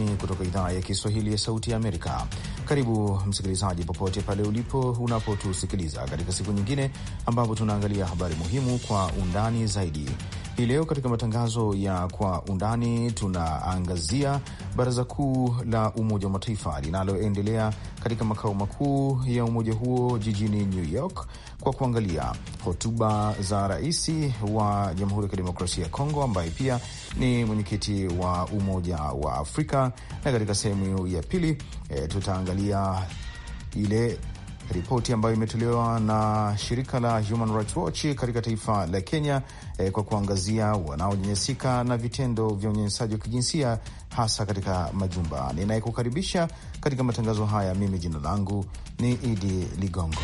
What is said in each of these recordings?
Undani kutoka idhaa ya Kiswahili ya Sauti ya Amerika. Karibu msikilizaji, popote pale ulipo unapotusikiliza katika siku nyingine ambapo tunaangalia habari muhimu kwa undani zaidi. Hii leo katika matangazo ya kwa undani tunaangazia Baraza Kuu la Umoja wa Mataifa linaloendelea katika makao makuu ya umoja huo jijini New York kwa kuangalia hotuba za rais wa Jamhuri ya Kidemokrasia ya Kongo ambaye pia ni mwenyekiti wa Umoja wa Afrika, na katika sehemu ya pili e, tutaangalia ile ripoti ambayo imetolewa na shirika la Human Rights Watch katika taifa la Kenya eh, kwa kuangazia wanaonyanyasika na vitendo vya unyanyasaji wa kijinsia hasa katika majumba. Ninayekukaribisha katika matangazo haya mimi, jina langu ni Idi Ligongo.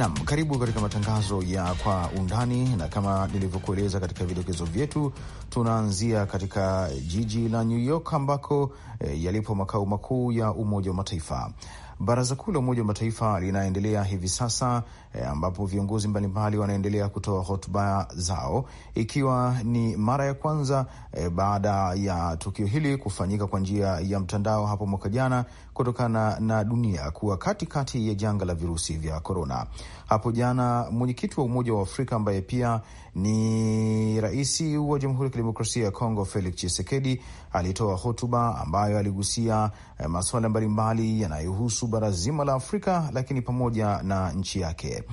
Nam, karibu katika matangazo ya kwa undani, na kama nilivyokueleza katika vidokezo vyetu, tunaanzia katika jiji la New York ambako eh, yalipo makao makuu ya Umoja wa Mataifa. Baraza Kuu la Umoja wa Mataifa linaendelea hivi sasa e, ambapo viongozi mbalimbali wanaendelea kutoa hotuba zao, ikiwa ni mara ya kwanza e, baada ya tukio hili kufanyika kwa njia ya mtandao hapo mwaka jana kutokana na dunia kuwa katikati kati ya janga la virusi vya korona. Hapo jana mwenyekiti wa Umoja wa Afrika ambaye pia ni rais wa Jamhuri ya Kidemokrasia ya Kongo Felix Tshisekedi alitoa hotuba ambayo aligusia eh, masuala mbalimbali yanayohusu bara zima la Afrika, lakini pamoja na nchi yake.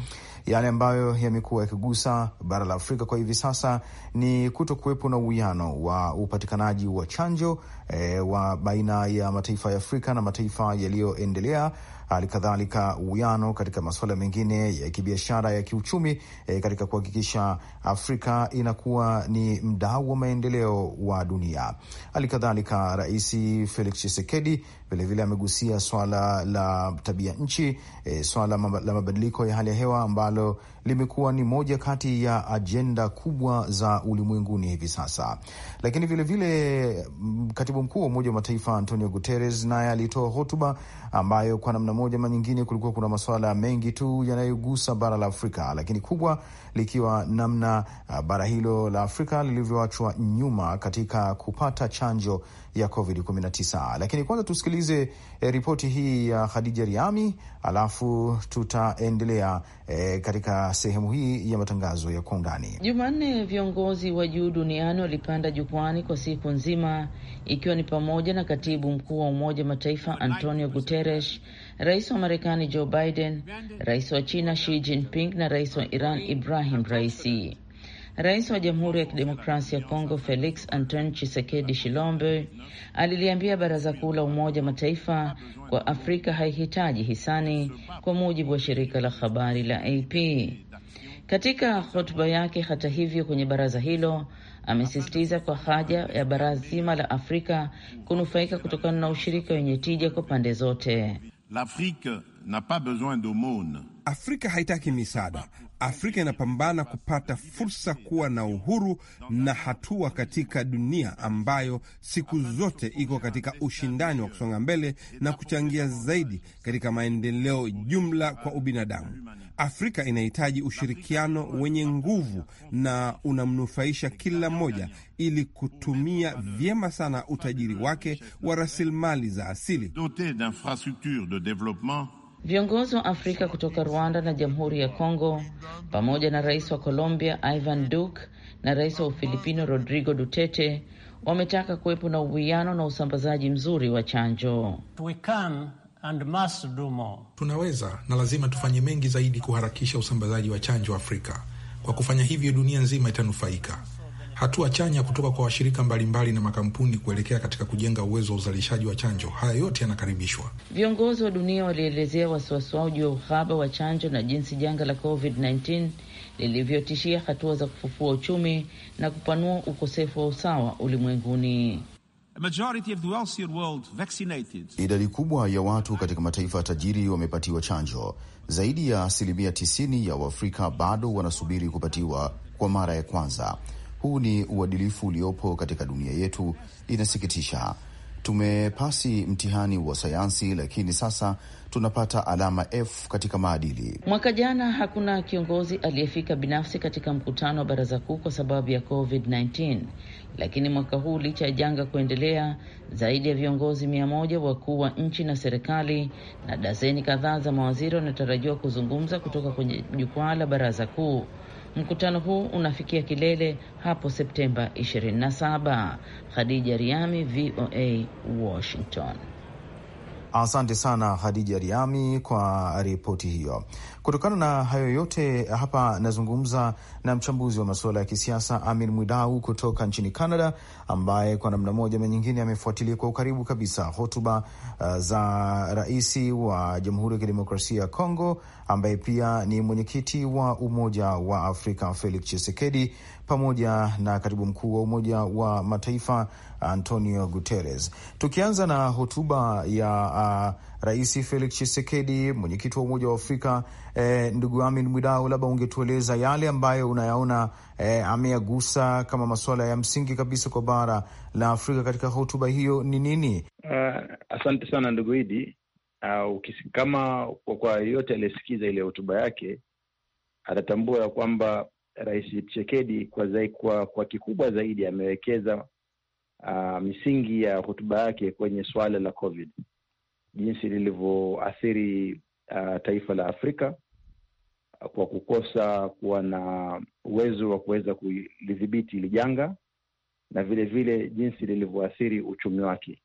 Yale ambayo yamekuwa yakigusa bara la Afrika kwa hivi sasa ni kuto kuwepo na uwiano wa upatikanaji wa chanjo e, wa baina ya mataifa ya Afrika na mataifa yaliyoendelea halikadhalika uwiano katika masuala mengine ya kibiashara ya kiuchumi, e, katika kuhakikisha Afrika inakuwa ni mdau wa maendeleo wa dunia. Halikadhalika Rais Felix Tshisekedi vilevile amegusia swala la tabia nchi, e, swala la mabadiliko ya hali ya hewa ambalo limekuwa ni moja kati ya ajenda kubwa za ulimwenguni hivi sasa. Lakini vilevile vile, mm, katibu mkuu wa Umoja wa Mataifa Antonio Guterres naye alitoa hotuba ambayo kwa namna moja ama nyingine kulikuwa kuna masuala mengi tu yanayogusa bara la Afrika, lakini kubwa likiwa namna uh, bara hilo la Afrika lilivyoachwa nyuma katika kupata chanjo ya COVID-19. Lakini kwanza tusikilize eh, ripoti hii ya Khadija Riami, alafu tutaendelea eh, katika sehemu hii ya matangazo ya kwa undani. Jumanne, viongozi wa juu duniani walipanda jukwani kwa siku nzima, ikiwa ni pamoja na katibu mkuu wa Umoja Mataifa Antonio Guterres rais wa Marekani Joe Biden, rais wa China Xi Jinping na rais wa Iran Ibrahim Raisi. Rais wa Jamhuri ya Kidemokrasia ya Kongo Felix Anton Chisekedi Shilombe aliliambia Baraza Kuu la Umoja Mataifa kwa Afrika haihitaji hisani, kwa mujibu wa shirika la habari la AP. Katika hotuba yake, hata hivyo, kwenye baraza hilo amesisitiza kwa haja ya bara zima la Afrika kunufaika kutokana na ushirika wenye tija kwa pande zote. L'Afrique n'a pas besoin d'aumônes, Afrika haitaki misaada. Afrika inapambana kupata fursa kuwa na uhuru na hatua katika dunia ambayo siku zote iko katika ushindani wa kusonga mbele na kuchangia zaidi katika maendeleo jumla kwa ubinadamu. Afrika inahitaji ushirikiano wenye nguvu na unamnufaisha kila mmoja ili kutumia vyema sana utajiri wake wa rasilimali za asili. Viongozi wa Afrika kutoka Rwanda na Jamhuri ya Kongo pamoja na rais wa Colombia Ivan Duque na rais wa Ufilipino Rodrigo Duterte wametaka kuwepo na uwiano na usambazaji mzuri wa chanjo. We can and must do more. Tunaweza na lazima tufanye mengi zaidi kuharakisha usambazaji wa chanjo Afrika. Kwa kufanya hivyo, dunia nzima itanufaika hatua chanya kutoka kwa washirika mbalimbali na makampuni kuelekea katika kujenga uwezo wa uzalishaji wa chanjo. Haya yote yanakaribishwa. Viongozi wa dunia walielezea wasiwasi wao juu ya uhaba wa chanjo na jinsi janga la COVID-19 lilivyotishia hatua za kufufua uchumi na kupanua ukosefu wa usawa ulimwenguni. Idadi kubwa ya watu katika mataifa tajiri wamepatiwa chanjo. Zaidi ya asilimia 90 ya Waafrika bado wanasubiri kupatiwa kwa mara ya kwanza. Huu ni uadilifu uliopo katika dunia yetu. Inasikitisha, tumepasi mtihani wa sayansi, lakini sasa tunapata alama F katika maadili. Mwaka jana hakuna kiongozi aliyefika binafsi katika mkutano wa baraza kuu kwa sababu ya COVID-19, lakini mwaka huu licha ya janga kuendelea, zaidi ya viongozi mia moja wakuu wa nchi na serikali na dazeni kadhaa za mawaziri wanatarajiwa kuzungumza kutoka kwenye jukwaa la baraza kuu Mkutano huu unafikia kilele hapo Septemba 27. Khadija Riami, VOA, Washington. Asante sana Khadija Riami kwa ripoti hiyo. Kutokana na hayo yote, hapa nazungumza na mchambuzi wa masuala ya kisiasa Amin Mwidau kutoka nchini Canada, ambaye kwa namna moja ama nyingine amefuatilia kwa ukaribu kabisa hotuba uh, za rais wa Jamhuri ya Kidemokrasia ya Kongo, ambaye pia ni mwenyekiti wa Umoja wa Afrika Felix Tshisekedi, pamoja na katibu mkuu wa Umoja wa Mataifa Antonio Guterres. Tukianza na hotuba ya uh, Rais Felix Tshisekedi, mwenyekiti wa Umoja wa Afrika. Eh, ndugu Amin Mwidau, labda ungetueleza yale ambayo unayaona eh, ameyagusa kama masuala ya msingi kabisa kwa bara la Afrika katika hotuba hiyo ni nini? Uh, asante sana ndugu Idi. Uh, kama kwa yote aliyesikiza ile hotuba yake atatambua ya kwamba Rais Tshisekedi kwa, kwa, kwa kikubwa zaidi amewekeza uh, misingi ya hotuba yake kwenye suala la COVID jinsi lilivyoathiri uh, taifa la Afrika uh, kwa kukosa kuwa na uwezo wa kuweza kulidhibiti hili janga na vile vile jinsi lilivyoathiri uchumi wake.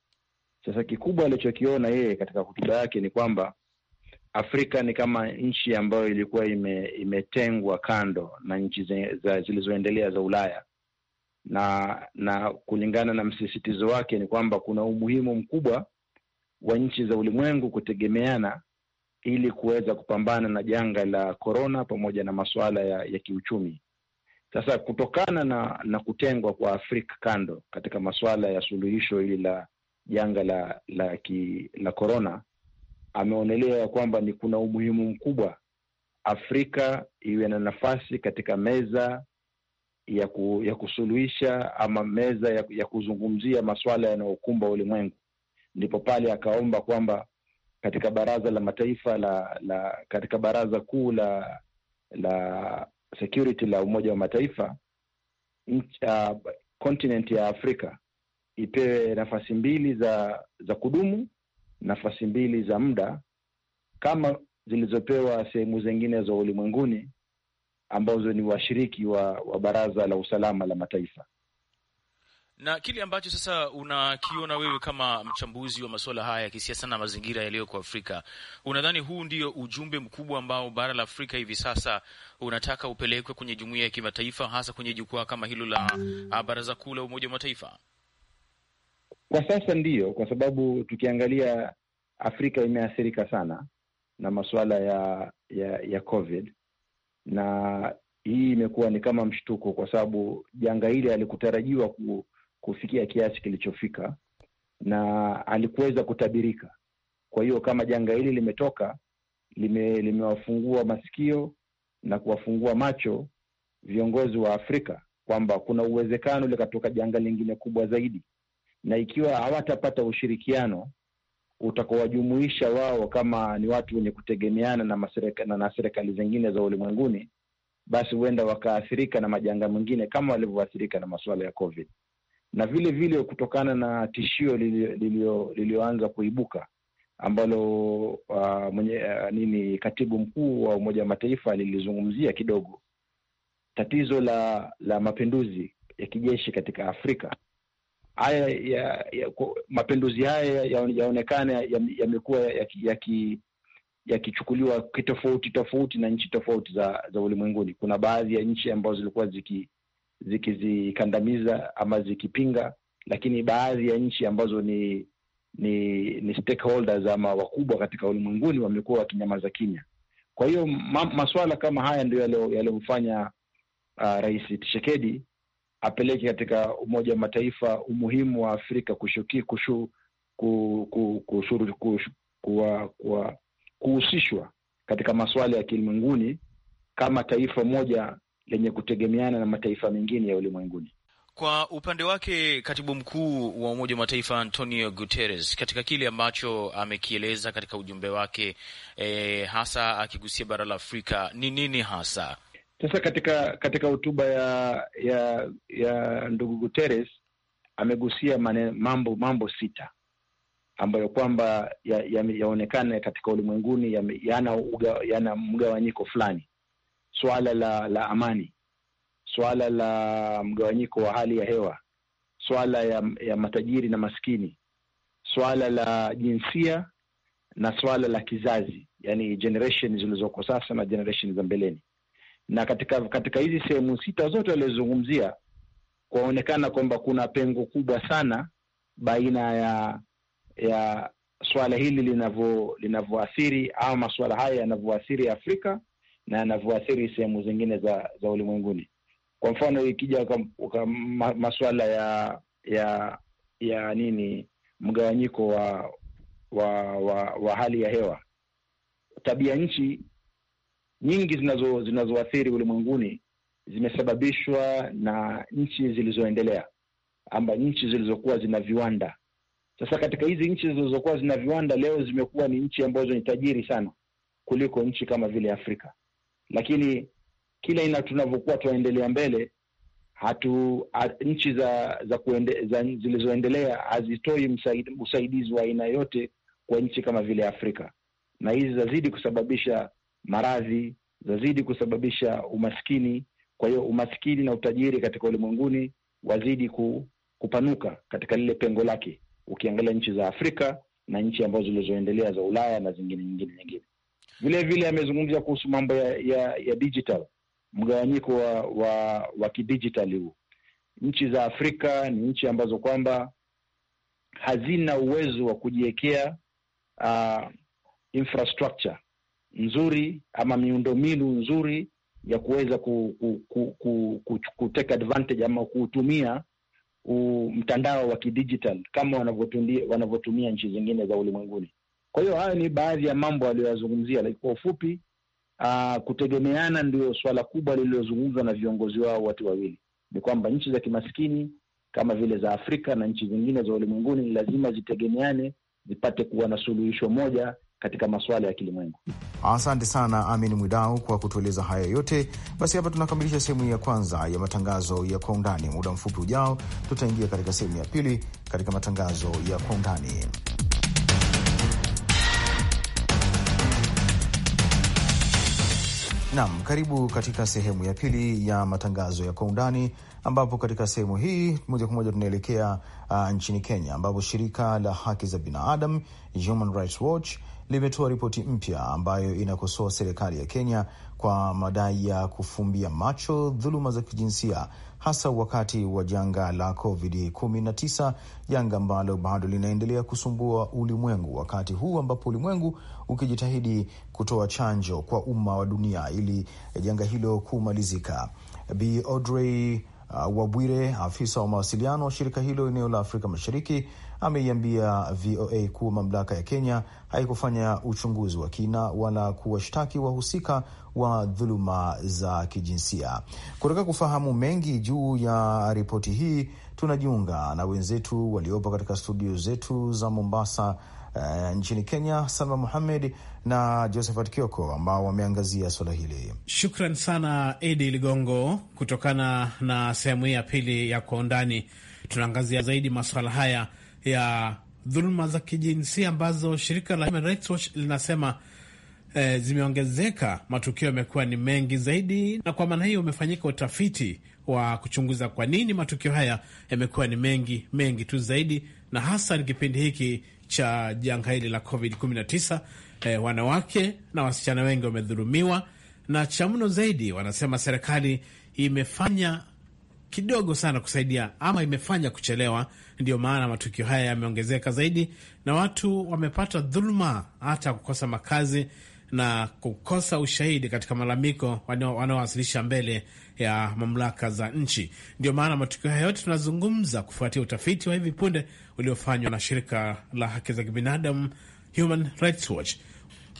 Sasa kikubwa alichokiona yeye katika hotuba yake ni kwamba Afrika ni kama nchi ambayo ilikuwa ime, imetengwa kando na nchi zilizoendelea za Ulaya, na na kulingana na msisitizo wake ni kwamba kuna umuhimu mkubwa wa nchi za ulimwengu kutegemeana ili kuweza kupambana na janga la korona pamoja na masuala ya, ya kiuchumi. Sasa kutokana na, na kutengwa kwa Afrika kando katika masuala ya suluhisho hili la janga la la ki, la korona, ameonelea ya kwamba ni kuna umuhimu mkubwa Afrika iwe na nafasi katika meza ya, ku, ya kusuluhisha ama meza ya, ya kuzungumzia masuala yanayokumba ulimwengu ndipo pale akaomba kwamba katika baraza la mataifa la, la katika baraza kuu la la security la Umoja wa Mataifa kontinent uh, ya Afrika ipewe nafasi mbili za za kudumu, nafasi mbili za muda kama zilizopewa sehemu zingine za ulimwenguni ambazo ni washiriki wa, wa baraza la usalama la mataifa na kile ambacho sasa unakiona wewe kama mchambuzi wa masuala haya ya kisiasa na mazingira yaliyoko Afrika, unadhani huu ndio ujumbe mkubwa ambao bara la Afrika hivi sasa unataka upelekwe kwenye jumuiya ya kimataifa, hasa kwenye jukwaa kama hilo la ah, Baraza Kuu la Umoja wa Mataifa? Kwa sasa ndiyo, kwa sababu tukiangalia Afrika imeathirika sana na masuala ya, ya, ya COVID na hii imekuwa ni kama mshtuko, kwa sababu janga hili alikutarajiwa ku kufikia kiasi kilichofika na alikuweza kutabirika. Kwa hiyo kama janga hili limetoka lime, limewafungua masikio na kuwafungua macho viongozi wa Afrika kwamba kuna uwezekano likatoka janga lingine kubwa zaidi, na ikiwa hawatapata ushirikiano utakowajumuisha wao kama ni watu wenye kutegemeana na maserika, na serikali zingine za ulimwenguni, basi huenda wakaathirika na majanga mengine kama walivyoathirika na masuala ya COVID na vile vile kutokana na tishio lilio kuibuka ambalo uh, mwenye, uh, nini katibu mkuu wa Umoja wa Mataifa lilizungumzia kidogo tatizo la la mapinduzi ya kijeshi katika Afrika. Haya ya, ya, mapinduzi haya yaonekana yamekuwa yakichukuliwa ya ya kitofauti tofauti na nchi tofauti za, za ulimwenguni. Kuna baadhi ya nchi ambazo zilikuwa ziki zikizikandamiza ama zikipinga, lakini baadhi ya nchi ambazo ni ni, ni stakeholders ama wakubwa katika ulimwenguni wamekuwa wakinyamaza kimya. Kwa hiyo ma, masuala kama haya ndio yaliyomfanya uh, Rais Tshisekedi apeleke katika Umoja wa Mataifa umuhimu wa Afrika kushuki, kushu, ku, ku, kuwa, kuwa, kuhusishwa katika masuala ya kilimwenguni kama taifa moja lenye kutegemeana na mataifa mengine ya ulimwenguni. Kwa upande wake katibu mkuu wa Umoja wa Mataifa Antonio Guterres, katika kile ambacho amekieleza katika ujumbe wake e, hasa akigusia bara la Afrika ni nini hasa? Sasa katika katika hotuba ya ya ya ndugu Guterres amegusia mane, mambo mambo sita ambayo kwamba yaonekana ya, ya katika ulimwenguni yana ya yana mgawanyiko fulani suala la, la amani, suala la mgawanyiko wa hali ya hewa, suala ya, ya matajiri na maskini, suala la jinsia na suala la kizazi, yani generation zilizoko sasa na generation za mbeleni. Na katika katika hizi sehemu sita zote alizozungumzia, kwaonekana kwamba kuna pengo kubwa sana baina ya ya swala hili linavyo linavyoathiri ama masuala haya yanavyoathiri Afrika na anavyoathiri sehemu zingine za za ulimwenguni. Kwa mfano ikija ma, masuala ya ya ya nini mgawanyiko wa wa, wa wa hali ya hewa, tabia nchi nyingi zinazo zinazoathiri ulimwenguni zimesababishwa na nchi zilizoendelea ama nchi zilizokuwa zina viwanda. Sasa katika hizi nchi zilizokuwa zina viwanda leo zimekuwa ni nchi ambazo ni tajiri sana kuliko nchi kama vile Afrika lakini kila ina tunavyokuwa tunaendelea mbele hatu nchi za za, kuende, za zilizoendelea hazitoi msaid, usaidizi wa aina yote kwa nchi kama vile Afrika, na hizi zazidi kusababisha maradhi, zazidi kusababisha umaskini. Kwa hiyo umaskini na utajiri katika ulimwenguni wazidi ku, kupanuka katika lile pengo lake, ukiangalia nchi za Afrika na nchi ambazo zilizoendelea za Ulaya na zingine nyingine nyingine. Vile vile amezungumzia kuhusu mambo ya, ya, ya digital, mgawanyiko wa, wa, wa kidijitali huu. Nchi za Afrika ni nchi ambazo kwamba hazina uwezo wa kujiwekea uh, infrastructure nzuri ama miundombinu nzuri ya kuweza ku, ku, ku, ku, ku, ku take advantage ama kuutumia mtandao wa kidijitali kama wanavyotumia nchi zingine za ulimwenguni. Kwa hiyo hayo ni baadhi ya mambo aliyoyazungumzia, lakini kwa ufupi, aa, ah, kutegemeana ndio suala kubwa lililozungumzwa na viongozi wao wote wawili, ni kwamba nchi za kimaskini kama vile za Afrika na nchi zingine za ulimwenguni ni lazima zitegemeane, zipate kuwa na suluhisho moja katika masuala ya kilimwengu. Asante sana Amin Mwidau kwa kutueleza haya yote. Basi hapa tunakamilisha sehemu ya kwanza ya matangazo ya kwa undani. Muda mfupi ujao, tutaingia katika sehemu ya pili katika matangazo ya kwa undani. Naam, karibu katika sehemu ya pili ya matangazo ya kwa undani, ambapo katika sehemu hii moja kwa moja tunaelekea uh, nchini Kenya, ambapo shirika la haki za binadamu Human Rights Watch limetoa ripoti mpya ambayo inakosoa serikali ya Kenya kwa madai ya kufumbia macho dhuluma za kijinsia hasa wakati wa janga la COVID-19, janga ambalo bado linaendelea kusumbua ulimwengu, wakati huu ambapo ulimwengu ukijitahidi kutoa chanjo kwa umma wa dunia ili janga hilo kumalizika. Bi Audrey uh, Wabwire, afisa wa mawasiliano wa shirika hilo eneo la Afrika Mashariki, ameiambia VOA kuwa mamlaka ya Kenya haikufanya uchunguzi wa kina wala kuwashtaki wahusika wa dhuluma za kijinsia. Kutaka kufahamu mengi juu ya ripoti hii, tunajiunga na wenzetu waliopo katika studio zetu za Mombasa uh, nchini Kenya, Salma Muhamed na Josephat Kioko ambao wameangazia suala hili. Shukran sana Idi Ligongo. Kutokana na sehemu hii ya pili ya Kwa Undani, tunaangazia zaidi masuala haya ya dhuluma za kijinsia ambazo shirika la Human Rights Watch linasema E, zimeongezeka. Matukio yamekuwa ni mengi zaidi, na kwa maana hiyo umefanyika utafiti wa kuchunguza kwa nini matukio haya yamekuwa ni mengi mengi tu zaidi, na hasa ni kipindi hiki cha janga hili la COVID-19. Eh, wanawake na wasichana wengi wamedhulumiwa, na cha mno zaidi, wanasema serikali imefanya kidogo sana kusaidia ama imefanya kuchelewa. ndio maana matukio haya yameongezeka zaidi, na watu wamepata dhuluma, hata kukosa makazi na kukosa ushahidi katika malalamiko wanaowasilisha mbele ya mamlaka za nchi. Ndio maana matukio haya yote tunazungumza kufuatia utafiti wa hivi punde uliofanywa na shirika la haki za kibinadamu Human Rights Watch.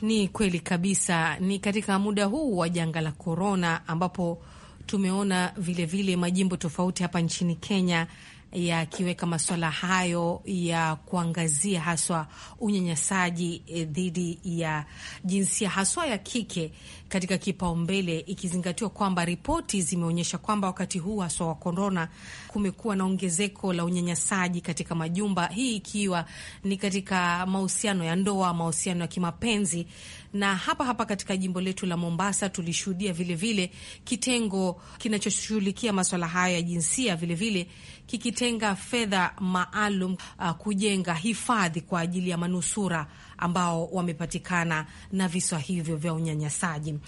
Ni kweli kabisa, ni katika muda huu wa janga la korona ambapo tumeona vilevile vile majimbo tofauti hapa nchini Kenya yakiweka masuala hayo ya kuangazia haswa unyanyasaji eh, dhidi ya jinsia haswa ya kike katika kipaumbele, ikizingatiwa kwamba ripoti zimeonyesha kwamba wakati huu haswa wa korona kumekuwa na ongezeko la unyanyasaji katika majumba, hii ikiwa ni katika mahusiano ya ndoa, mahusiano ya kimapenzi. Na hapa hapa katika jimbo letu la Mombasa tulishuhudia vilevile kitengo kinachoshughulikia maswala hayo ya jinsia vilevile kikitenga fedha maalum uh, kujenga hifadhi kwa ajili ya manusura ambao wamepatikana na visa hivyo vya unyanyasaji.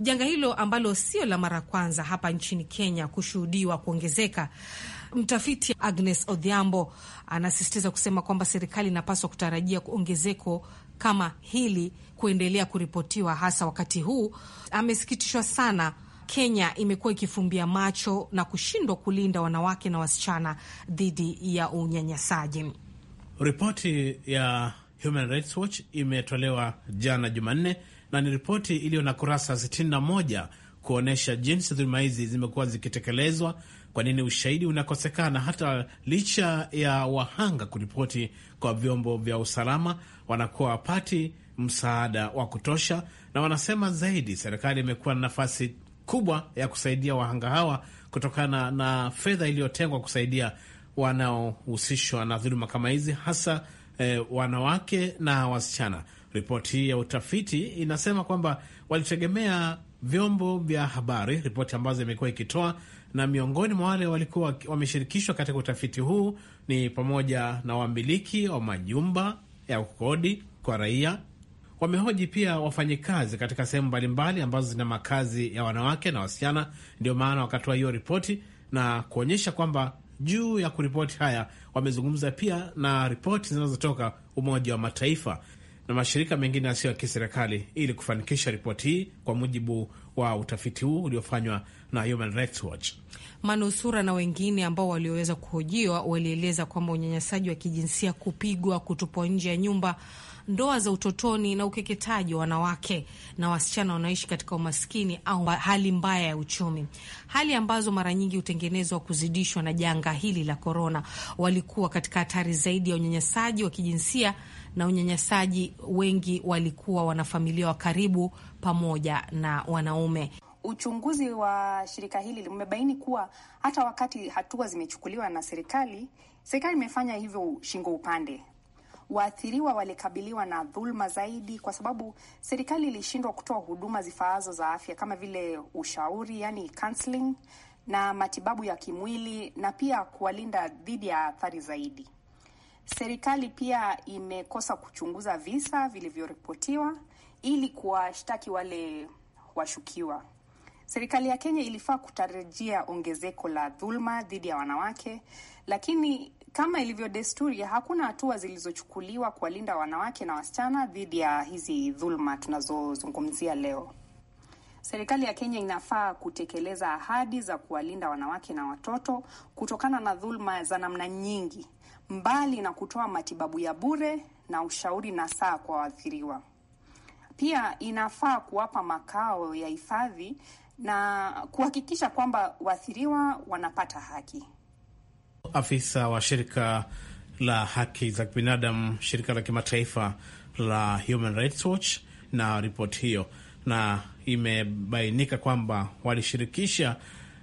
Janga hilo ambalo sio la mara kwanza hapa nchini Kenya kushuhudiwa kuongezeka. Mtafiti Agnes Odhiambo anasisitiza kusema kwamba serikali inapaswa kutarajia ongezeko kama hili kuendelea kuripotiwa hasa wakati huu. Amesikitishwa sana Kenya imekuwa ikifumbia macho na kushindwa kulinda wanawake na wasichana dhidi ya unyanyasaji. Ripoti ya Human Rights Watch imetolewa jana Jumanne na ni ripoti iliyo na kurasa 61 kuonyesha jinsi dhuluma hizi zimekuwa zikitekelezwa, kwa nini ushahidi unakosekana hata licha ya wahanga kuripoti kwa vyombo vya usalama, wanakuwa wapati msaada wa kutosha. Na wanasema zaidi, serikali imekuwa na nafasi kubwa ya kusaidia wahanga hawa kutokana na fedha iliyotengwa kusaidia wanaohusishwa na dhuluma kama hizi, hasa eh, wanawake na wasichana. Ripoti hii ya utafiti inasema kwamba walitegemea vyombo vya habari, ripoti ambazo imekuwa ikitoa, na miongoni mwa wale walikuwa wameshirikishwa katika utafiti huu ni pamoja na wamiliki wa majumba ya kukodi kwa raia. Wamehoji pia wafanyikazi katika sehemu mbalimbali ambazo zina makazi ya wanawake na wasichana. Ndio maana wakatoa hiyo ripoti na kuonyesha kwamba juu ya kuripoti haya, wamezungumza pia na ripoti zinazotoka Umoja wa Mataifa na mashirika mengine yasiyo ya kiserikali ili kufanikisha ripoti hii, kwa mujibu wa utafiti huu uliofanywa na Human Rights Watch. Manusura na wengine ambao walioweza kuhojiwa walieleza kwamba unyanyasaji wa kijinsia, kupigwa, kutupwa nje ya nyumba, ndoa za utotoni na ukeketaji wa wanawake na wasichana wanaishi katika umaskini au hali mbaya ya uchumi, hali ambazo mara nyingi hutengenezwa kuzidishwa na janga hili la korona, walikuwa katika hatari zaidi ya unyanyasaji wa kijinsia na unyanyasaji. Wengi walikuwa wanafamilia wa karibu pamoja na wanaume. Uchunguzi wa shirika hili umebaini kuwa hata wakati hatua zimechukuliwa na serikali, serikali imefanya hivyo shingo upande. Waathiriwa walikabiliwa na dhuluma zaidi, kwa sababu serikali ilishindwa kutoa huduma zifaazo za afya kama vile ushauri, yani counseling, na matibabu ya kimwili na pia kuwalinda dhidi ya athari zaidi. Serikali pia imekosa kuchunguza visa vilivyoripotiwa ili kuwashtaki wale washukiwa. Serikali ya Kenya ilifaa kutarajia ongezeko la dhulma dhidi ya wanawake, lakini kama ilivyo desturi, hakuna hatua zilizochukuliwa kuwalinda wanawake na wasichana dhidi ya hizi dhulma tunazozungumzia leo. Serikali ya Kenya inafaa kutekeleza ahadi za kuwalinda wanawake na watoto kutokana na dhulma za namna nyingi, mbali na kutoa matibabu ya bure na ushauri na saa kwa waathiriwa. Pia inafaa kuwapa makao ya hifadhi na kuhakikisha kwamba waathiriwa wanapata haki. Afisa wa shirika la haki za kibinadamu, shirika la kimataifa la Human Rights Watch na ripoti hiyo, na imebainika kwamba walishirikisha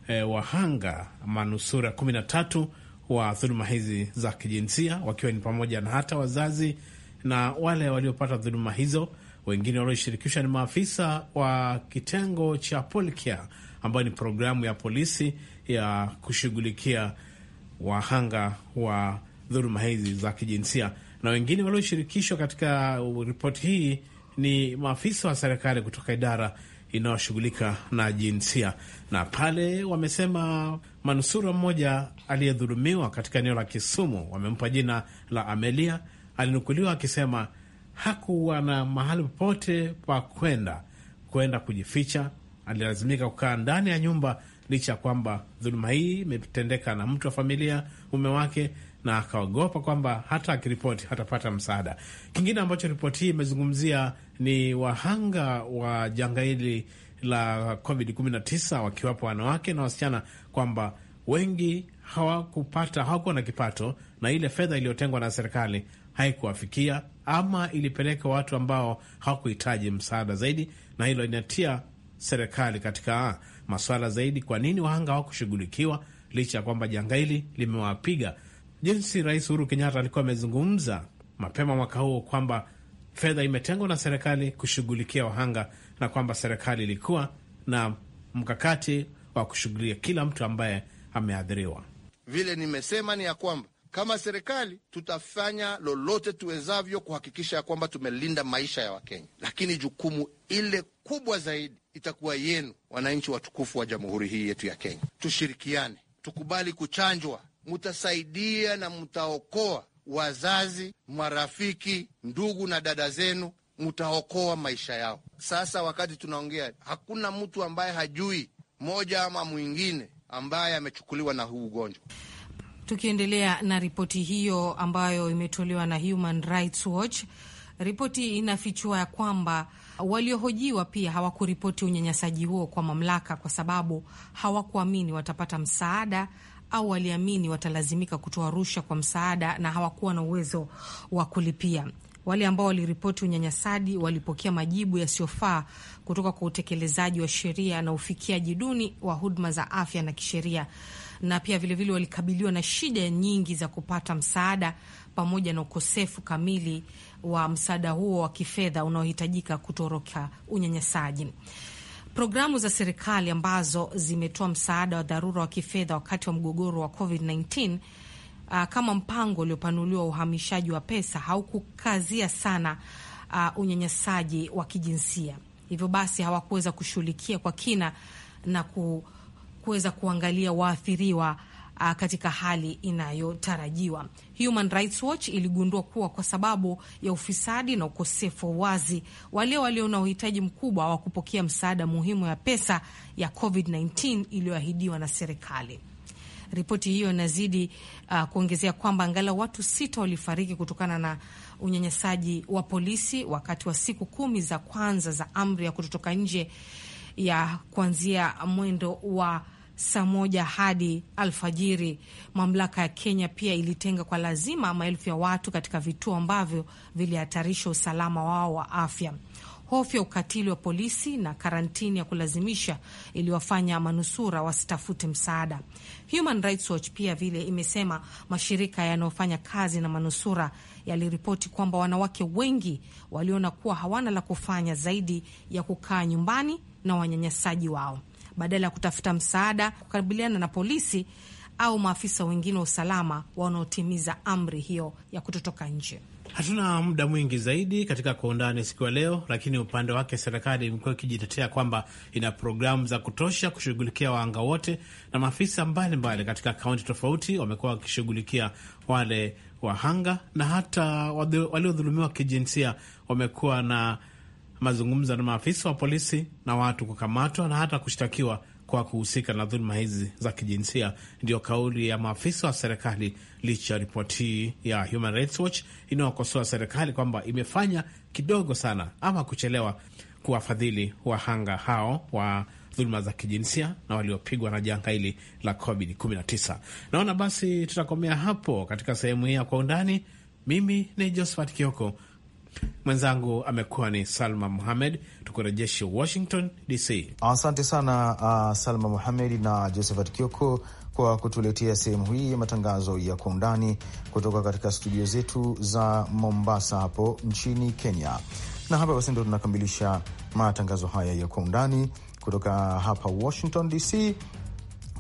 eh, wahanga manusura 13 wa dhuluma hizi za kijinsia, wakiwa ni pamoja na hata wazazi na wale waliopata dhuluma hizo wengine walioshirikishwa ni maafisa wa kitengo cha polkia ambayo ni programu ya polisi ya kushughulikia wahanga wa dhuluma hizi za kijinsia, na wengine walioshirikishwa katika ripoti hii ni maafisa wa serikali kutoka idara inayoshughulika na jinsia. Na pale wamesema manusura mmoja aliyedhulumiwa katika eneo la Kisumu, wamempa jina la Amelia, alinukuliwa akisema hakuwa na mahali popote pa kwenda kwenda kujificha. Alilazimika kukaa ndani ya nyumba, licha ya kwamba dhuluma hii imetendeka na mtu wa familia, mume wake, na akaogopa kwamba hata akiripoti hatapata msaada. Kingine ambacho ripoti hii imezungumzia ni wahanga wa janga hili la COVID-19 wakiwapo wanawake na wasichana, kwamba wengi hawakupata, hawakuwa na kipato na ile fedha iliyotengwa na serikali haikuwafikia ama ilipeleka watu ambao hawakuhitaji msaada zaidi, na hilo linatia serikali katika maswala zaidi. Kwa nini wahanga hawakushughulikiwa licha ya kwamba janga hili limewapiga? Jinsi Rais Uhuru Kenyatta alikuwa amezungumza mapema mwaka huo kwamba fedha imetengwa na serikali kushughulikia wahanga na kwamba serikali ilikuwa na mkakati wa kushughulikia kila mtu ambaye ameathiriwa. Vile nimesema ni ya kwamba kama serikali tutafanya lolote tuwezavyo kuhakikisha ya kwamba tumelinda maisha ya Wakenya, lakini jukumu ile kubwa zaidi itakuwa yenu, wananchi watukufu wa jamhuri hii yetu ya Kenya. Tushirikiane, tukubali kuchanjwa, mutasaidia na mtaokoa wazazi, marafiki, ndugu na dada zenu, mtaokoa maisha yao. Sasa wakati tunaongea, hakuna mtu ambaye hajui moja ama mwingine ambaye amechukuliwa na huu ugonjwa. Tukiendelea na ripoti hiyo ambayo imetolewa na Human Rights Watch, ripoti inafichua ya kwamba waliohojiwa pia hawakuripoti unyanyasaji huo kwa mamlaka kwa sababu hawakuamini watapata msaada au waliamini watalazimika kutoa rushwa kwa msaada na hawakuwa na uwezo wa kulipia. Wale ambao waliripoti unyanyasaji walipokea majibu yasiyofaa kutoka kwa utekelezaji wa sheria na ufikiaji duni wa huduma za afya na kisheria, na pia vilevile walikabiliwa na shida nyingi za kupata msaada pamoja na ukosefu kamili wa msaada huo wa kifedha unaohitajika kutoroka unyanyasaji. Programu za serikali ambazo zimetoa msaada wa dharura wa kifedha wakati wa mgogoro wa COVID-19 uh, kama mpango uliopanuliwa uhamishaji wa pesa haukukazia sana uh, unyanyasaji wa kijinsia, hivyo basi hawakuweza kushughulikia kwa kina na ku, kuweza kuangalia waathiriwa uh, katika hali inayotarajiwa. Human Rights Watch iligundua kuwa kwa sababu ya ufisadi na ukosefu wa wazi, wale walio na uhitaji mkubwa wa kupokea msaada muhimu ya pesa ya COVID-19 iliyoahidiwa na serikali. Ripoti hiyo inazidi uh, kuongezea kwamba angalau watu sita walifariki kutokana na unyanyasaji wa polisi wakati wa siku kumi za kwanza za amri ya kutotoka nje ya kuanzia mwendo wa saa moja hadi alfajiri. Mamlaka ya Kenya pia ilitenga kwa lazima maelfu ya watu katika vituo ambavyo vilihatarisha usalama wao wa afya hofu ya ukatili wa polisi na karantini ya kulazimisha iliwafanya manusura wasitafute msaada. Human Rights Watch pia vile imesema mashirika yanayofanya kazi na manusura yaliripoti kwamba wanawake wengi waliona kuwa hawana la kufanya zaidi ya kukaa nyumbani na wanyanyasaji wao badala ya kutafuta msaada kukabiliana na polisi au maafisa wengine wa usalama wanaotimiza amri hiyo ya kutotoka nje. Hatuna muda mwingi zaidi katika kuondani undani siku ya leo, lakini upande wake serikali imekuwa ikijitetea kwamba ina programu za kutosha kushughulikia waanga wote, na maafisa mbalimbali katika kaunti tofauti wamekuwa wakishughulikia wale wahanga, na hata waliodhulumiwa kijinsia wamekuwa na mazungumzo na maafisa wa polisi na watu kukamatwa na hata kushtakiwa kwa kuhusika na dhuluma hizi za kijinsia. ndio kauli ya maafisa wa serikali, licha ya ripoti ya Human Rights Watch inayokosoa serikali kwamba imefanya kidogo sana ama kuchelewa kuwafadhili wahanga hao wa dhuluma za kijinsia na waliopigwa na janga hili la COVID-19. Naona basi tutakomea hapo katika sehemu hii ya Kwa Undani. Mimi ni Josephat Kioko. Mwenzangu amekuwa ni Salma Muhamed, tukurejeshe Washington DC. Asante sana uh, Salma Muhamed na Josephat Kioko kwa kutuletea sehemu hii ya matangazo ya kwa undani kutoka katika studio zetu za Mombasa hapo nchini Kenya. Na hapa basi ndo tunakamilisha matangazo haya ya kwa undani kutoka hapa Washington DC.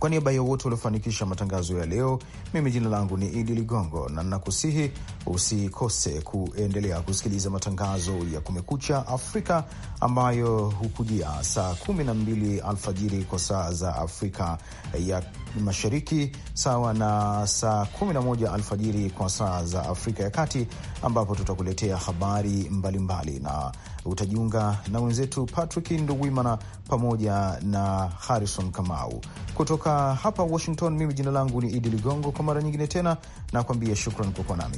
Kwa niaba ya wote waliofanikisha matangazo ya leo, mimi jina langu ni Idi Ligongo na nakusihi usikose kuendelea kusikiliza matangazo ya Kumekucha Afrika ambayo hukujia saa 12 alfajiri kwa saa za Afrika ya Mashariki, sawa na saa 11 alfajiri kwa saa za Afrika ya Kati, ambapo tutakuletea habari mbalimbali mbali na utajiunga na wenzetu Patrick Nduwimana pamoja na Harrison Kamau kutoka hapa Washington. Mimi jina langu ni Idi Ligongo, kwa mara nyingine tena nakwambia shukran kwa kuwa nami.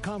press